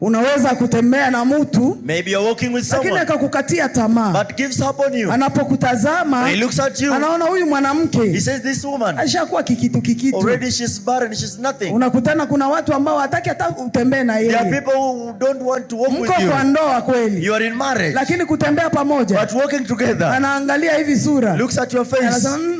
Unaweza kutembea na mtu lakini akakukatia tamaa, anapokutazama anaona huyu mwanamke ashakuwa kikitu kikitu. Unakutana kuna watu ambao hataki hata utembee na yeyemko kwa ndoa kweli, lakini kutembea pamoja, anaangalia hivi sura, anasema mm,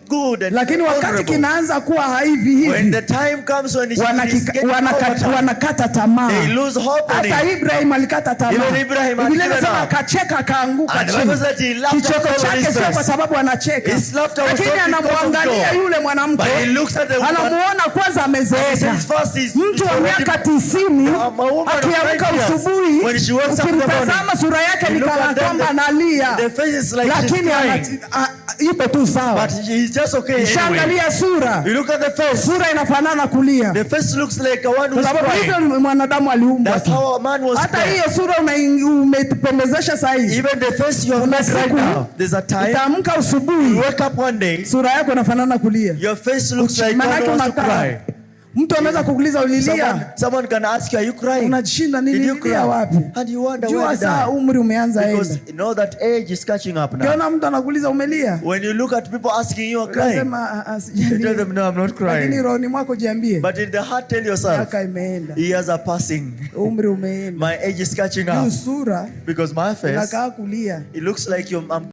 good and lakini wakati kinaanza kuwa haivi hivi, when the time comes when wanakata tamaa, they lose hope. Hata Ibrahim alikata tamaa. Biblia akacheka akaanguka chini. Kicheko chake sio kwa sababu anacheka, lakini anamwangalia yule mwanamke, anamuona kwanza amezeeka. Mtu wa miaka tisini akiamka asubuhi, ukimtazama sura yake ni kana kwamba analia, lakini ipe tu sawa. But just okay Sura you look at the face. Sura inafanana kulia. The face looks like a one who's crying. Hivyo mwanadamu aliumbwa. That's how a man was. Hata hiyo sura umeipendezesha saa hizi. Even the face you right now. There's a time. Utaamka usubuhi. wake up one day. Sura yako inafanana kulia. Your face looks like one who's crying. Mtu anaweza kukuliza ulilia. Someone can ask you are you crying? Unashinda nini? Ulilia wapi? And you wonder where. Jua saa umri umeanza yeye. Because you know that age is catching up now. Kiona mtu anakuuliza umelia. When you look at people asking you are crying. Unasema ah, ah, ah, you tell them no I'm not crying. Lakini rohoni mwako jiambie. But in the heart tell yourself. Miaka imeenda. Years are passing. Umri umeenda. My age is catching up. Sura. Because my face. Unakaa kulia. It looks like you I'm